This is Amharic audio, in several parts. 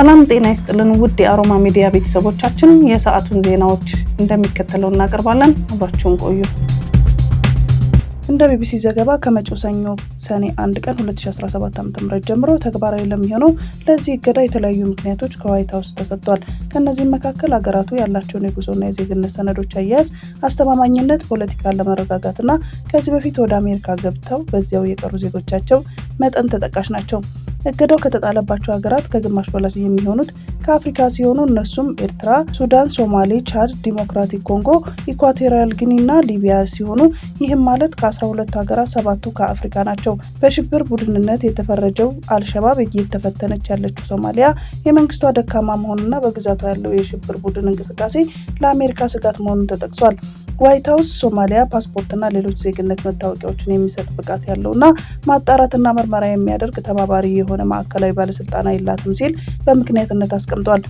ሰላም ጤና ይስጥልን ውድ የአሮማ ሚዲያ ቤተሰቦቻችን፣ የሰዓቱን ዜናዎች እንደሚከተለው እናቀርባለን። አብራችሁን ቆዩ። እንደ ቢቢሲ ዘገባ ከመጪው ሰኞ ሰኔ 1 ቀን 2017 ዓ.ም ጀምሮ ተግባራዊ ለሚሆነው ለዚህ እገዳ የተለያዩ ምክንያቶች ከዋይት ሀውስ ተሰጥቷል። ከእነዚህም መካከል አገራቱ ያላቸውን የጉዞና የዜግነት ሰነዶች አያያዝ አስተማማኝነት፣ ፖለቲካ ለመረጋጋትና ከዚህ በፊት ወደ አሜሪካ ገብተው በዚያው የቀሩ ዜጎቻቸው መጠን ተጠቃሽ ናቸው። እገዳው ከተጣለባቸው ሀገራት ከግማሽ በላይ የሚሆኑት ከአፍሪካ ሲሆኑ እነሱም ኤርትራ፣ ሱዳን፣ ሶማሌ፣ ቻድ፣ ዲሞክራቲክ ኮንጎ፣ ኢኳቶሪያል ጊኒ እና ሊቢያ ሲሆኑ ይህም ማለት ከ12 ሀገራት ሰባቱ ከአፍሪካ ናቸው። በሽብር ቡድንነት የተፈረጀው አልሸባብ እየተፈተነች ያለችው ሶማሊያ የመንግስቷ ደካማ መሆኑና በግዛቷ ያለው የሽብር ቡድን እንቅስቃሴ ለአሜሪካ ስጋት መሆኑን ተጠቅሷል። ዋይት ሀውስ ሶማሊያ ፓስፖርትና ሌሎች ዜግነት መታወቂያዎችን የሚሰጥ ብቃት ያለውና ማጣራትና ምርመራ የሚያደርግ ተባባሪ የሆነ ማዕከላዊ ባለስልጣን አይላትም ሲል በምክንያትነት አስቀምጧል።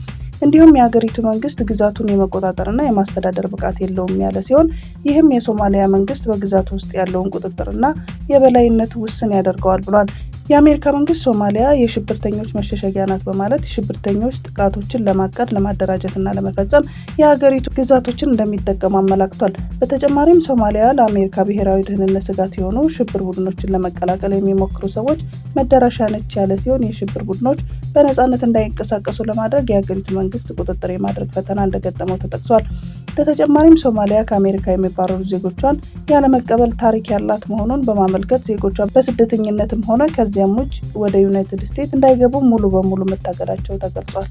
እንዲሁም የሀገሪቱ መንግስት ግዛቱን የመቆጣጠርና የማስተዳደር ብቃት የለውም ያለ ሲሆን ይህም የሶማሊያ መንግስት በግዛቱ ውስጥ ያለውን ቁጥጥርና የበላይነት ውስን ያደርገዋል ብሏል። የአሜሪካ መንግስት ሶማሊያ የሽብርተኞች መሸሸጊያ ናት በማለት ሽብርተኞች ጥቃቶችን ለማቀድ ለማደራጀትና ለመፈጸም የሀገሪቱ ግዛቶችን እንደሚጠቀሙ አመላክቷል። በተጨማሪም ሶማሊያ ለአሜሪካ ብሔራዊ ደህንነት ስጋት የሆኑ ሽብር ቡድኖችን ለመቀላቀል የሚሞክሩ ሰዎች መዳረሻ ነች ያለ ሲሆን የሽብር ቡድኖች በነፃነት እንዳይንቀሳቀሱ ለማድረግ የሀገሪቱ መንግስት ቁጥጥር የማድረግ ፈተና እንደገጠመው ተጠቅሷል። በተጨማሪም ሶማሊያ ከአሜሪካ የሚባረሩ ዜጎቿን ያለመቀበል ታሪክ ያላት መሆኑን በማመልከት ዜጎቿ በስደተኝነትም ሆነ ከዚ ከዚያም ውጭ ወደ ዩናይትድ ስቴትስ እንዳይገቡ ሙሉ በሙሉ መታገዳቸው ተገልጿል።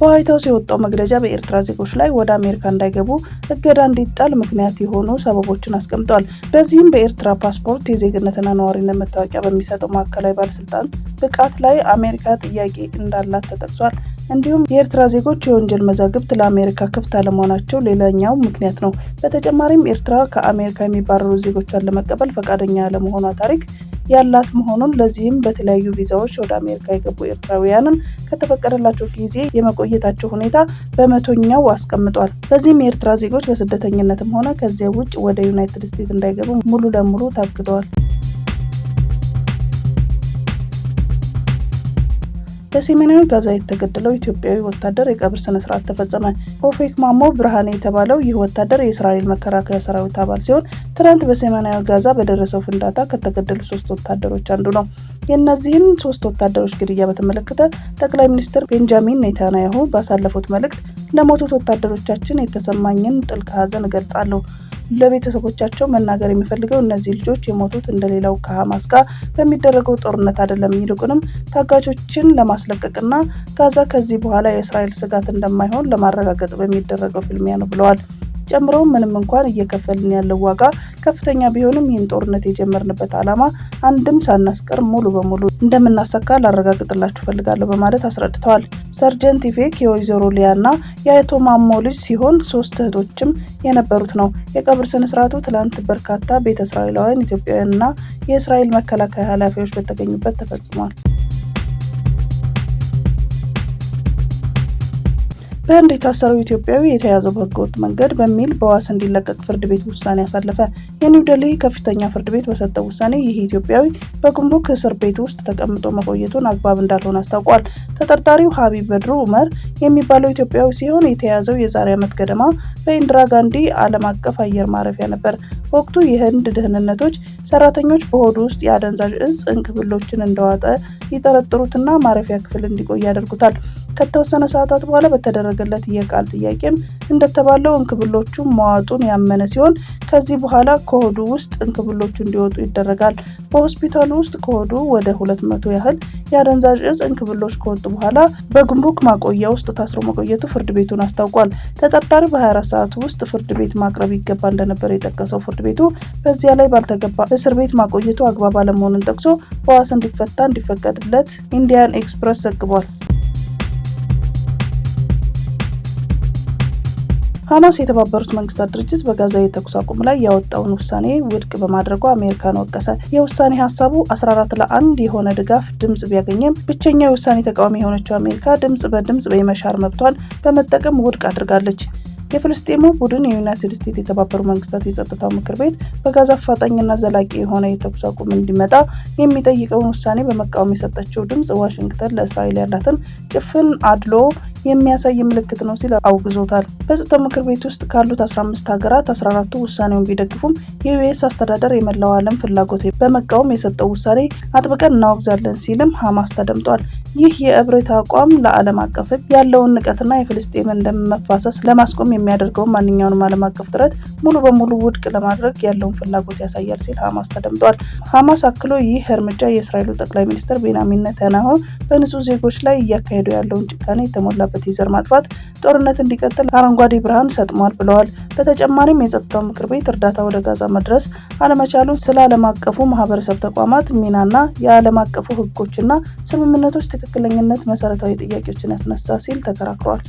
በዋይት ሀውስ የወጣው መግለጫ በኤርትራ ዜጎች ላይ ወደ አሜሪካ እንዳይገቡ እገዳ እንዲጣል ምክንያት የሆኑ ሰበቦችን አስቀምጧል። በዚህም በኤርትራ ፓስፖርት የዜግነትና ነዋሪነት መታወቂያ በሚሰጠው ማዕከላዊ ባለስልጣን ብቃት ላይ አሜሪካ ጥያቄ እንዳላት ተጠቅሷል። እንዲሁም የኤርትራ ዜጎች የወንጀል መዛግብት ለአሜሪካ ክፍት አለመሆናቸው ሌላኛው ምክንያት ነው። በተጨማሪም ኤርትራ ከአሜሪካ የሚባረሩ ዜጎቿን ለመቀበል ፈቃደኛ ያለመሆኗ ታሪክ ያላት መሆኑን ለዚህም በተለያዩ ቪዛዎች ወደ አሜሪካ የገቡ ኤርትራውያንን ከተፈቀደላቸው ጊዜ የመቆየታቸው ሁኔታ በመቶኛው አስቀምጧል። በዚህም የኤርትራ ዜጎች በስደተኝነትም ሆነ ከዚያ ውጭ ወደ ዩናይትድ ስቴትስ እንዳይገቡ ሙሉ ለሙሉ ታግደዋል። በሰሜናዊ ጋዛ የተገደለው ኢትዮጵያዊ ወታደር የቀብር ስነ ስርዓት ተፈጸመ። ኦፌክ ማሞ ብርሃኔ የተባለው ይህ ወታደር የእስራኤል መከላከያ ሰራዊት አባል ሲሆን ትናንት በሰሜናዊ ጋዛ በደረሰው ፍንዳታ ከተገደሉ ሶስት ወታደሮች አንዱ ነው። የእነዚህን ሶስት ወታደሮች ግድያ በተመለከተ ጠቅላይ ሚኒስትር ቤንጃሚን ኔታንያሁ ባሳለፉት መልእክት ለሞቱት ወታደሮቻችን የተሰማኝን ጥልቅ ሐዘን እገልጻለሁ። ለቤተሰቦቻቸው መናገር የሚፈልገው እነዚህ ልጆች የሞቱት እንደሌላው ከሀማስ ጋር በሚደረገው ጦርነት አይደለም፣ ይልቁንም ታጋቾችን ለማስለቀቅና ጋዛ ከዚህ በኋላ የእስራኤል ስጋት እንደማይሆን ለማረጋገጥ በሚደረገው ፍልሚያ ነው ብለዋል። ጨምረውም ምንም እንኳን እየከፈልን ያለው ዋጋ ከፍተኛ ቢሆንም ይህን ጦርነት የጀመርንበት ዓላማ አንድም ሳናስቀር ሙሉ በሙሉ እንደምናሳካ ላረጋግጥላችሁ ፈልጋለሁ በማለት አስረድተዋል። ሰርጀንት ኢፌክ የወይዘሮ ሊያና የአቶ ማሞ ልጅ ሲሆን ሶስት እህቶችም የነበሩት ነው። የቀብር ስነስርዓቱ ትላንት በርካታ ቤተ እስራኤላውያን፣ ኢትዮጵያውያንና የእስራኤል መከላከያ ኃላፊዎች በተገኙበት ተፈጽሟል። በህንድ የታሰረው ኢትዮጵያዊ የተያዘው በህገወጥ መንገድ በሚል በዋስ እንዲለቀቅ ፍርድ ቤት ውሳኔ አሳለፈ። የኒው ከፍተኛ ፍርድ ቤት በሰጠው ውሳኔ ይህ ኢትዮጵያዊ በጉምሩክ እስር ቤት ውስጥ ተቀምጦ መቆየቱን አግባብ እንዳልሆነ አስታውቋል። ተጠርጣሪው ሀቢብ በድሩ ዑመር የሚባለው ኢትዮጵያዊ ሲሆን የተያዘው የዛሬ ዓመት ገደማ በኢንዲራ ጋንዲ ዓለም አቀፍ አየር ማረፊያ ነበር። በወቅቱ የህንድ ደህንነቶች ሰራተኞች በሆዱ ውስጥ የአደንዛዥ እጽ እንክብሎችን እንደዋጠ ይጠረጥሩትና ማረፊያ ክፍል እንዲቆይ ያደርጉታል። ከተወሰነ ሰዓታት በኋላ በተደረገለት የቃል ጥያቄም እንደተባለው እንክብሎቹ መዋጡን ያመነ ሲሆን ከዚህ በኋላ ከሆዱ ውስጥ እንክብሎቹ እንዲወጡ ይደረጋል። በሆስፒታሉ ውስጥ ከሆዱ ወደ 200 ያህል የአደንዛዥ እጽ እንክብሎች ከወጡ በኋላ በግንቡክ ማቆያ ውስጥ ታስሮ መቆየቱ ፍርድ ቤቱን አስታውቋል። ተጠርጣሪ በ24 ሰዓት ውስጥ ፍርድ ቤት ማቅረብ ይገባ እንደነበር የጠቀሰው ፍርድ ቤቱ በዚያ ላይ ባልተገባ እስር ቤት ማቆየቱ አግባብ አለመሆኑን ጠቅሶ በዋስ እንዲፈታ እንዲፈቀድለት ኢንዲያን ኤክስፕረስ ዘግቧል። ሐማስ የተባበሩት መንግስታት ድርጅት በጋዛ የተኩስ አቁም ላይ ያወጣውን ውሳኔ ውድቅ በማድረጉ አሜሪካን ወቀሰ። የውሳኔ ሀሳቡ 14 ለአንድ የሆነ ድጋፍ ድምጽ ቢያገኝም ብቸኛው የውሳኔ ተቃዋሚ የሆነችው አሜሪካ ድምጽ በድምጽ በመሻር መብቷን በመጠቀም ውድቅ አድርጋለች። የፍልስጤሙ ቡድን የዩናይትድ ስቴትስ የተባበሩ መንግስታት የጸጥታው ምክር ቤት በጋዛ አፋጣኝና ዘላቂ የሆነ የተኩስ አቁም እንዲመጣ የሚጠይቀውን ውሳኔ በመቃወም የሰጠችው ድምፅ ዋሽንግተን ለእስራኤል ያላትን ጭፍን አድሎ የሚያሳይ ምልክት ነው ሲል አውግዞታል። በጸጥታው ምክር ቤት ውስጥ ካሉት 15 ሀገራት 14ቱ ውሳኔውን ቢደግፉም የዩኤስ አስተዳደር የመላው ዓለም ፍላጎት በመቃወም የሰጠው ውሳኔ አጥብቀን እናወግዛለን ሲልም ሐማስ ተደምጧል። ይህ የእብሪት አቋም ለዓለም አቀፍ ሕግ ያለውን ንቀትና የፍልስጤምን ደም መፋሰስ ለማስቆም የሚያደርገውን ማንኛውንም ዓለም አቀፍ ጥረት ሙሉ በሙሉ ውድቅ ለማድረግ ያለውን ፍላጎት ያሳያል ሲል ሐማስ ተደምጧል። ሐማስ አክሎ ይህ እርምጃ የእስራኤሉ ጠቅላይ ሚኒስትር ቤንያሚን ነተናሁ በንጹህ ዜጎች ላይ እያካሄዱ ያለውን ጭካኔ የተሞላበት የዘር ማጥፋት ጦርነት እንዲቀጥል አረንጓዴ ብርሃን ሰጥሟል ብለዋል። በተጨማሪም የጸጥታው ምክር ቤት እርዳታ ወደ ጋዛ መድረስ አለመቻሉ ስለ ዓለም አቀፉ ማህበረሰብ ተቋማት ሚናና የዓለም አቀፉ ህጎችና ስምምነቶች ትክክለኝነት መሰረታዊ ጥያቄዎችን ያስነሳ ሲል ተከራክሯል።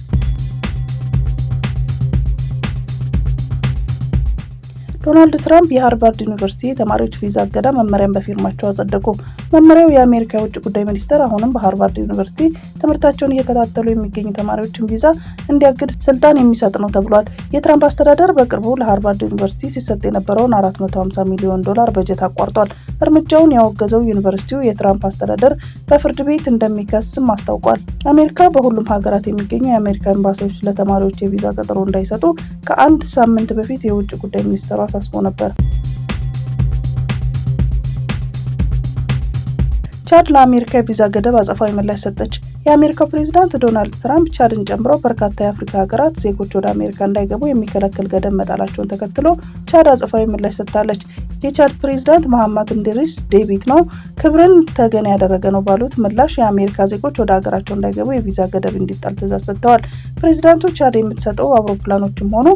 ዶናልድ ትራምፕ የሃርቫርድ ዩኒቨርሲቲ ተማሪዎች ቪዛ እገዳ መመሪያን በፊርማቸው አጸደቁ። መመሪያው የአሜሪካ የውጭ ጉዳይ ሚኒስቴር አሁንም በሃርቫርድ ዩኒቨርሲቲ ትምህርታቸውን እየከታተሉ የሚገኙ ተማሪዎችን ቪዛ እንዲያግድ ስልጣን የሚሰጥ ነው ተብሏል። የትራምፕ አስተዳደር በቅርቡ ለሃርቫርድ ዩኒቨርሲቲ ሲሰጥ የነበረውን 450 ሚሊዮን ዶላር በጀት አቋርጧል። እርምጃውን ያወገዘው ዩኒቨርሲቲው የትራምፕ አስተዳደር በፍርድ ቤት እንደሚከስም አስታውቋል። አሜሪካ በሁሉም ሀገራት የሚገኙ የአሜሪካ ኤምባሲዎች ለተማሪዎች የቪዛ ቀጠሮ እንዳይሰጡ ከአንድ ሳምንት በፊት የውጭ ጉዳይ ሚኒስትሩ አሳስቦ ነበር። ቻድ ለአሜሪካ የቪዛ ገደብ አጸፋዊ ምላሽ ሰጠች። የአሜሪካው ፕሬዚዳንት ዶናልድ ትራምፕ ቻድን ጨምሮ በርካታ የአፍሪካ ሀገራት ዜጎች ወደ አሜሪካ እንዳይገቡ የሚከለከል ገደብ መጣላቸውን ተከትሎ ቻድ አጸፋዊ ምላሽ ሰጥታለች። የቻድ ፕሬዚዳንት መሐማት እንድሪስ ዴቪት ነው ክብርን ተገን ያደረገ ነው ባሉት ምላሽ የአሜሪካ ዜጎች ወደ ሀገራቸው እንዳይገቡ የቪዛ ገደብ እንዲጣል ትዕዛዝ ሰጥተዋል። ፕሬዚዳንቱ ቻድ የምትሰጠው አውሮፕላኖችም ሆኑ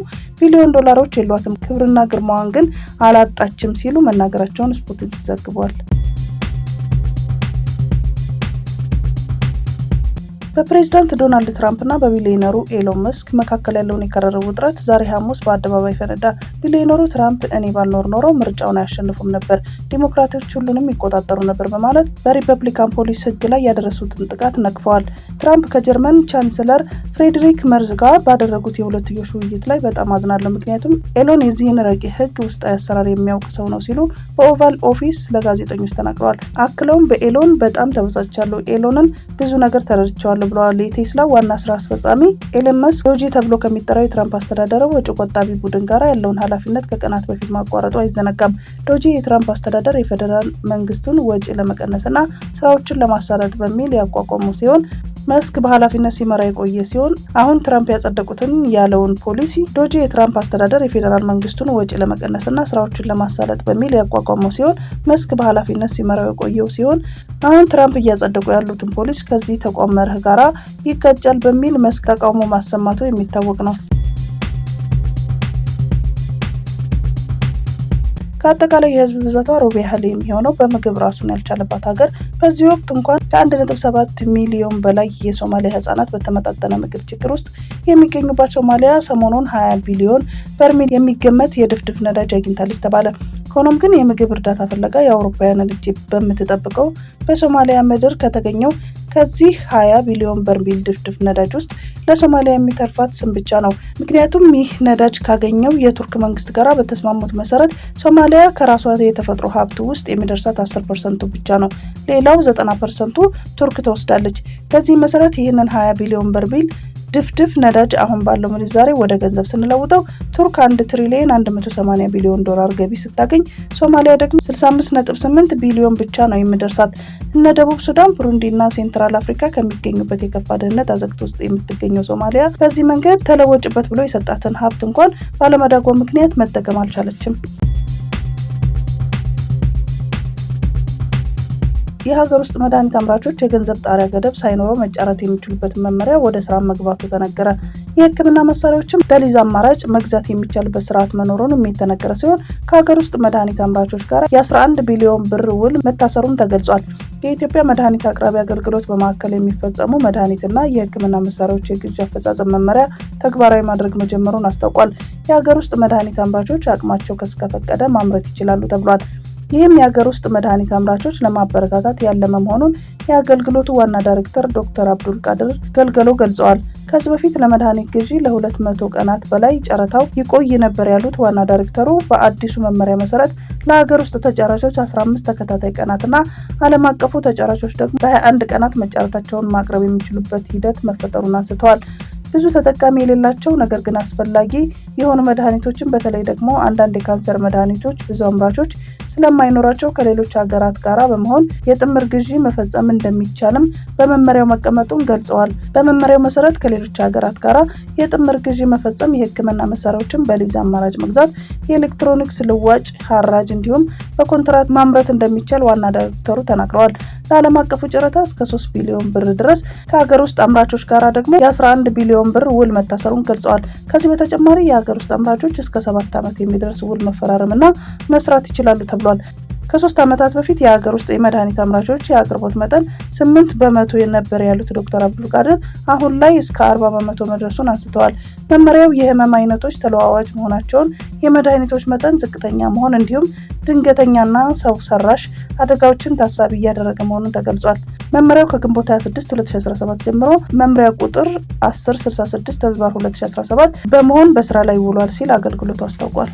ቢሊዮን ዶላሮች የሏትም፣ ክብርና ግርማዋን ግን አላጣችም ሲሉ መናገራቸውን ስፖትኒክ ዘግቧል። በፕሬዝዳንት ዶናልድ ትራምፕና በቢሊዮነሩ ኤሎን መስክ መካከል ያለውን የከረረ ውጥረት ዛሬ ሐሙስ በአደባባይ ፈነዳ። ቢሊዮነሩ ትራምፕ እኔ ባልኖር ኖሮ ምርጫውን አያሸንፉም ነበር፣ ዲሞክራቶች ሁሉንም ይቆጣጠሩ ነበር በማለት በሪፐብሊካን ፖሊስ ህግ ላይ ያደረሱትን ጥቃት ነቅፈዋል። ትራምፕ ከጀርመን ቻንስለር ፍሬድሪክ መርዝ ጋር ባደረጉት የሁለትዮሽ ውይይት ላይ በጣም አዝናለሁ፣ ምክንያቱም ኤሎን የዚህን ረቂቅ ህግ ውስጣዊ አሰራር የሚያውቅ ሰው ነው ሲሉ በኦቫል ኦፊስ ለጋዜጠኞች ተናግረዋል። አክለውም በኤሎን በጣም ተበሳጭቻለሁ፣ ኤሎንን ብዙ ነገር ተረድቸዋል አደርጋለሁ ብለዋል። የቴስላ ዋና ስራ አስፈጻሚ ኤለን መስክ ዶጂ ተብሎ ከሚጠራው የትራምፕ አስተዳደር ወጪ ቆጣቢ ቡድን ጋር ያለውን ኃላፊነት ከቀናት በፊት ማቋረጡ አይዘነጋም። ዶጂ የትራምፕ አስተዳደር የፌዴራል መንግስቱን ወጪ ለመቀነስና ስራዎችን ለማሳረጥ በሚል ያቋቋሙ ሲሆን መስክ በኃላፊነት ሲመራ የቆየ ሲሆን አሁን ትራምፕ ያጸደቁትን ያለውን ፖሊሲ ዶጂ የትራምፕ አስተዳደር የፌዴራል መንግስቱን ወጪ ለመቀነስና ስራዎችን ለማሳለጥ በሚል ያቋቋመው ሲሆን መስክ በኃላፊነት ሲመራው የቆየው ሲሆን አሁን ትራምፕ እያጸደቁ ያሉትን ፖሊስ ከዚህ ተቋም መርህ ጋራ ይጋጫል በሚል መስክ ተቃውሞ ማሰማቱ የሚታወቅ ነው። ከአጠቃላይ የህዝብ ብዛቷ ሩብ ያህል የሚሆነው በምግብ ራሱን ያልቻለባት ሀገር በዚህ ወቅት እንኳን ከ 17 ሚሊዮን በላይ የሶማሊያ ህጻናት በተመጣጠነ ምግብ ችግር ውስጥ የሚገኙባት ሶማሊያ ሰሞኑን 20 ቢሊዮን በርሜል የሚገመት የድፍድፍ ነዳጅ አግኝታለች ተባለ። ሆኖም ግን የምግብ እርዳታ ፍለጋ የአውሮፓውያን ልጅ በምትጠብቀው በሶማሊያ ምድር ከተገኘው ከዚህ 20 ቢሊዮን በርሚል ድፍድፍ ነዳጅ ውስጥ ለሶማሊያ የሚተርፋት ስም ብቻ ነው። ምክንያቱም ይህ ነዳጅ ካገኘው የቱርክ መንግስት ጋር በተስማሙት መሰረት ሶማሊያ ከራሷ የተፈጥሮ ሀብት ውስጥ የሚደርሳት 10 ፐርሰንቱ ብቻ ነው። ሌላው 90 ፐርሰንቱ ቱርክ ተወስዳለች። ከዚህ መሰረት ይህንን 20 ቢሊዮን በርሚል ድፍድፍ ነዳጅ አሁን ባለው ምንዛሬ ወደ ገንዘብ ስንለውጠው ቱርክ 1 ትሪሊየን 180 ቢሊዮን ዶላር ገቢ ስታገኝ ሶማሊያ ደግሞ 658 ቢሊዮን ብቻ ነው የምደርሳት። እነ ደቡብ ሱዳን፣ ብሩንዲ እና ሴንትራል አፍሪካ ከሚገኙበት የከፋ ድህነት አዘቅት ውስጥ የምትገኘው ሶማሊያ በዚህ መንገድ ተለወጭበት ብሎ የሰጣትን ሀብት እንኳን ባለመዳጎ ምክንያት መጠቀም አልቻለችም። የሀገር ውስጥ መድኃኒት አምራቾች የገንዘብ ጣሪያ ገደብ ሳይኖረው መጫረት የሚችሉበትን መመሪያ ወደ ስራ መግባቱ ተነገረ። የህክምና መሳሪያዎችም በሊዝ አማራጭ መግዛት የሚቻልበት ስርዓት መኖሩንም የተነገረ ሲሆን ከሀገር ውስጥ መድኃኒት አምራቾች ጋር የ11 ቢሊዮን ብር ውል መታሰሩም ተገልጿል። የኢትዮጵያ መድኃኒት አቅራቢ አገልግሎት በማዕከል የሚፈጸሙ መድኃኒትና የህክምና መሳሪያዎች የግዥ አፈጻጸም መመሪያ ተግባራዊ ማድረግ መጀመሩን አስታውቋል። የሀገር ውስጥ መድኃኒት አምራቾች አቅማቸው ከስከፈቀደ ማምረት ይችላሉ ተብሏል። ይህም የሀገር ውስጥ መድኃኒት አምራቾች ለማበረታታት ያለመ መሆኑን የአገልግሎቱ ዋና ዳይሬክተር ዶክተር አብዱል ቃድር ገልገሎ ገልጸዋል። ከዚህ በፊት ለመድኃኒት ግዢ ለሁለት መቶ ቀናት በላይ ጨረታው ይቆይ ነበር ያሉት ዋና ዳይሬክተሩ በአዲሱ መመሪያ መሰረት ለሀገር ውስጥ ተጫራቾች 15 ተከታታይ ቀናትና ዓለም አቀፉ ተጫራቾች ደግሞ በ21 ቀናት መጫረታቸውን ማቅረብ የሚችሉበት ሂደት መፈጠሩን አንስተዋል። ብዙ ተጠቃሚ የሌላቸው ነገር ግን አስፈላጊ የሆኑ መድኃኒቶችን በተለይ ደግሞ አንዳንድ የካንሰር መድኃኒቶች ብዙ አምራቾች ስለማይኖራቸው ከሌሎች ሀገራት ጋራ በመሆን የጥምር ግዢ መፈጸም እንደሚቻልም በመመሪያው መቀመጡን ገልጸዋል። በመመሪያው መሰረት ከሌሎች ሀገራት ጋራ የጥምር ግዢ መፈጸም የህክምና መሳሪያዎችን በሊዝ አማራጭ መግዛት፣ የኤሌክትሮኒክስ ልዋጭ ሀራጅ እንዲሁም በኮንትራት ማምረት እንደሚቻል ዋና ዳይሬክተሩ ተናግረዋል። ለዓለም አቀፉ ጨረታ እስከ 3 ቢሊዮን ብር ድረስ ከሀገር ውስጥ አምራቾች ጋር ደግሞ የ11 ቢሊዮን ብር ውል መታሰሩን ገልጸዋል። ከዚህ በተጨማሪ የሀገር ውስጥ አምራቾች እስከ ሰባት ዓመት የሚደርስ ውል መፈራረምና መስራት ይችላሉ ተብሏል። ተብሏል። ከሶስት ዓመታት በፊት የሀገር ውስጥ የመድኃኒት አምራቾች የአቅርቦት መጠን ስምንት በመቶ የነበረ ያሉት ዶክተር አብዱልቃድር አሁን ላይ እስከ አርባ በመቶ መድረሱን አንስተዋል። መመሪያው የህመም አይነቶች ተለዋዋጭ መሆናቸውን፣ የመድኃኒቶች መጠን ዝቅተኛ መሆን እንዲሁም ድንገተኛና ሰው ሰራሽ አደጋዎችን ታሳቢ እያደረገ መሆኑን ተገልጿል። መመሪያው ከግንቦት 26 2017 ጀምሮ መምሪያ ቁጥር 1066 ተዝባር 2017 በመሆን በስራ ላይ ውሏል ሲል አገልግሎቱ አስታውቋል።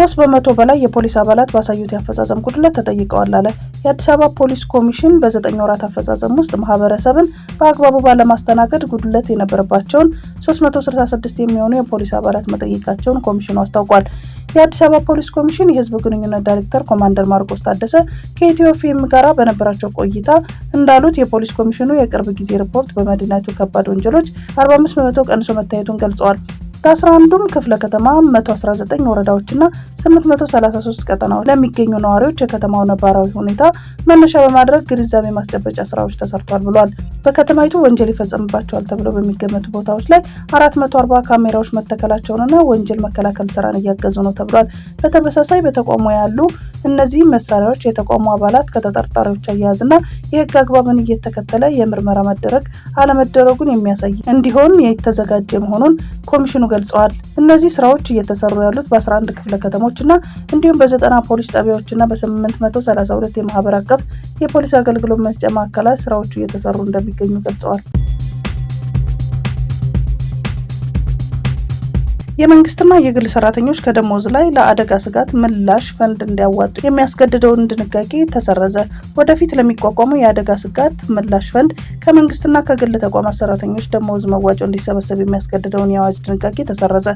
ሶስት በመቶ በላይ የፖሊስ አባላት ባሳዩት የአፈጻጸም ጉድለት ተጠይቀዋል አለ። የአዲስ አበባ ፖሊስ ኮሚሽን በዘጠኝ ወራት አፈጻጸም ውስጥ ማህበረሰብን በአግባቡ ባለማስተናገድ ጉድለት የነበረባቸውን 366 የሚሆኑ የፖሊስ አባላት መጠየቃቸውን ኮሚሽኑ አስታውቋል። የአዲስ አበባ ፖሊስ ኮሚሽን የህዝብ ግንኙነት ዳይሬክተር ኮማንደር ማርቆስ ታደሰ ከኢትዮ ፊልም ጋራ በነበራቸው ቆይታ እንዳሉት የፖሊስ ኮሚሽኑ የቅርብ ጊዜ ሪፖርት በመዲናቱ ከባድ ወንጀሎች 45 በመቶ ቀንሶ መታየቱን ገልጸዋል። በ11ዱም ክፍለ ከተማ 119 ወረዳዎችና 833 ቀጠናዎች ለሚገኙ ነዋሪዎች የከተማው ነባራዊ ሁኔታ መነሻ በማድረግ ግንዛቤ ማስጨበጫ ስራዎች ተሰርቷል ብሏል። በከተማይቱ ወንጀል ይፈጸምባቸዋል ተብለው በሚገመቱ ቦታዎች ላይ 440 ካሜራዎች መተከላቸውንና ወንጀል መከላከል ስራን እያገዙ ነው ተብሏል። በተመሳሳይ በተቋሙ ያሉ እነዚህ መሳሪያዎች የተቋሙ አባላት ከተጠርጣሪዎች አያያዝና የህግ አግባብን እየተከተለ የምርመራ መደረግ አለመደረጉን የሚያሳይ እንዲሆን የተዘጋጀ መሆኑን ኮሚሽኑ ገልጸዋል። እነዚህ ስራዎች እየተሰሩ ያሉት በ11 ክፍለ እና እንዲሁም በዘጠና ፖሊስ ጣቢያዎች እና በ832 የማህበር አቀፍ የፖሊስ አገልግሎት መስጫ ማዕከላት ስራዎቹ እየተሰሩ እንደሚገኙ ገልጸዋል። የመንግስትና የግል ሰራተኞች ከደሞዝ ላይ ለአደጋ ስጋት ምላሽ ፈንድ እንዲያዋጡ የሚያስገድደውን ድንጋጌ ተሰረዘ። ወደፊት ለሚቋቋመው የአደጋ ስጋት ምላሽ ፈንድ ከመንግስትና ከግል ተቋማት ሰራተኞች ደሞዝ መዋጮ እንዲሰበሰብ የሚያስገድደውን የአዋጅ ድንጋጌ ተሰረዘ።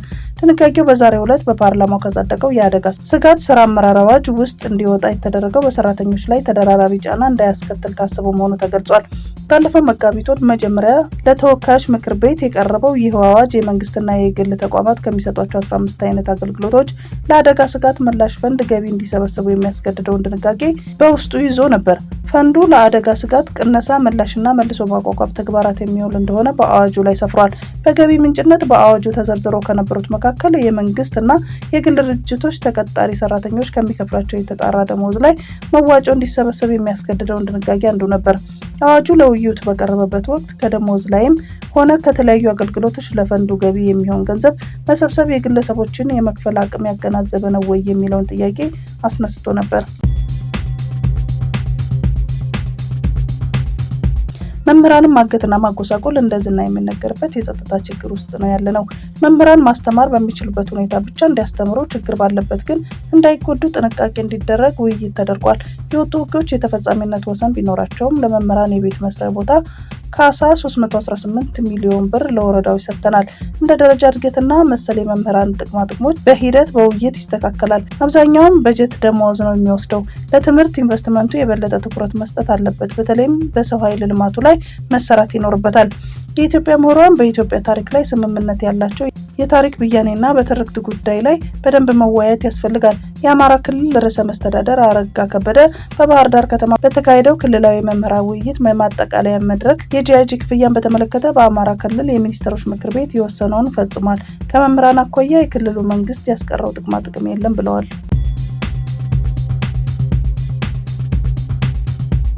ድንጋጌው በዛሬው ዕለት በፓርላማው ከጸደቀው የአደጋ ስጋት ስራ አመራር አዋጅ ውስጥ እንዲወጣ የተደረገው በሰራተኞች ላይ ተደራራቢ ጫና እንዳያስከትል ታስቦ መሆኑ ተገልጿል። ባለፈው መጋቢት ወር መጀመሪያ ለተወካዮች ምክር ቤት የቀረበው ይህ አዋጅ የመንግስትና የግል ተቋማት ከሚሰጧቸው 15 አይነት አገልግሎቶች ለአደጋ ስጋት ምላሽ ፈንድ ገቢ እንዲሰበሰቡ የሚያስገድደውን ድንጋጌ በውስጡ ይዞ ነበር። ፈንዱ ለአደጋ ስጋት ቅነሳ ምላሽና መልሶ ማቋቋም ተግባራት የሚውል እንደሆነ በአዋጁ ላይ ሰፍሯል። በገቢ ምንጭነት በአዋጁ ተዘርዝሮ ከነበሩት መካከል የመንግስት እና የግል ድርጅቶች ተቀጣሪ ሰራተኞች ከሚከፍላቸው የተጣራ ደሞዝ ላይ መዋጮ እንዲሰበሰብ የሚያስገድደውን ድንጋጌ አንዱ ነበር። አዋጁ ለውይይት በቀረበበት ወቅት ከደሞዝ ላይም ሆነ ከተለያዩ አገልግሎቶች ለፈንዱ ገቢ የሚሆን ገንዘብ መሰብሰብ የግለሰቦችን የመክፈል አቅም ያገናዘበ ነው ወይ የሚለውን ጥያቄ አስነስቶ ነበር። መምህራንም ማገትና ማጎሳቆል እንደዝና የሚነገርበት የጸጥታ ችግር ውስጥ ነው ያለ ነው። መምህራን ማስተማር በሚችሉበት ሁኔታ ብቻ እንዲያስተምሩ፣ ችግር ባለበት ግን እንዳይጎዱ ጥንቃቄ እንዲደረግ ውይይት ተደርጓል። የወጡ ሕጎች የተፈጻሚነት ወሰን ቢኖራቸውም ለመምህራን የቤት መስሪያ ቦታ ካሳ 318 ሚሊዮን ብር ለወረዳዎች ሰጥተናል። እንደ ደረጃ እድገትና መሰል የመምህራን ጥቅማ ጥቅሞች በሂደት በውይይት ይስተካከላል። አብዛኛውም በጀት ደመወዝ ነው የሚወስደው። ለትምህርት ኢንቨስትመንቱ የበለጠ ትኩረት መስጠት አለበት። በተለይም በሰው ኃይል ልማቱ ላይ መሰራት ይኖርበታል። የኢትዮጵያ ምሁራን በኢትዮጵያ ታሪክ ላይ ስምምነት ያላቸው የታሪክ ብያኔና በትርክት ጉዳይ ላይ በደንብ መወያየት ያስፈልጋል። የአማራ ክልል ርዕሰ መስተዳደር አረጋ ከበደ በባህር ዳር ከተማ በተካሄደው ክልላዊ መምህራን ውይይት ማጠቃለያ መድረክ የጂአይጂ ክፍያን በተመለከተ በአማራ ክልል የሚኒስትሮች ምክር ቤት የወሰነውን ፈጽሟል። ከመምህራን አኳያ የክልሉ መንግስት ያስቀረው ጥቅማ ጥቅም የለም ብለዋል።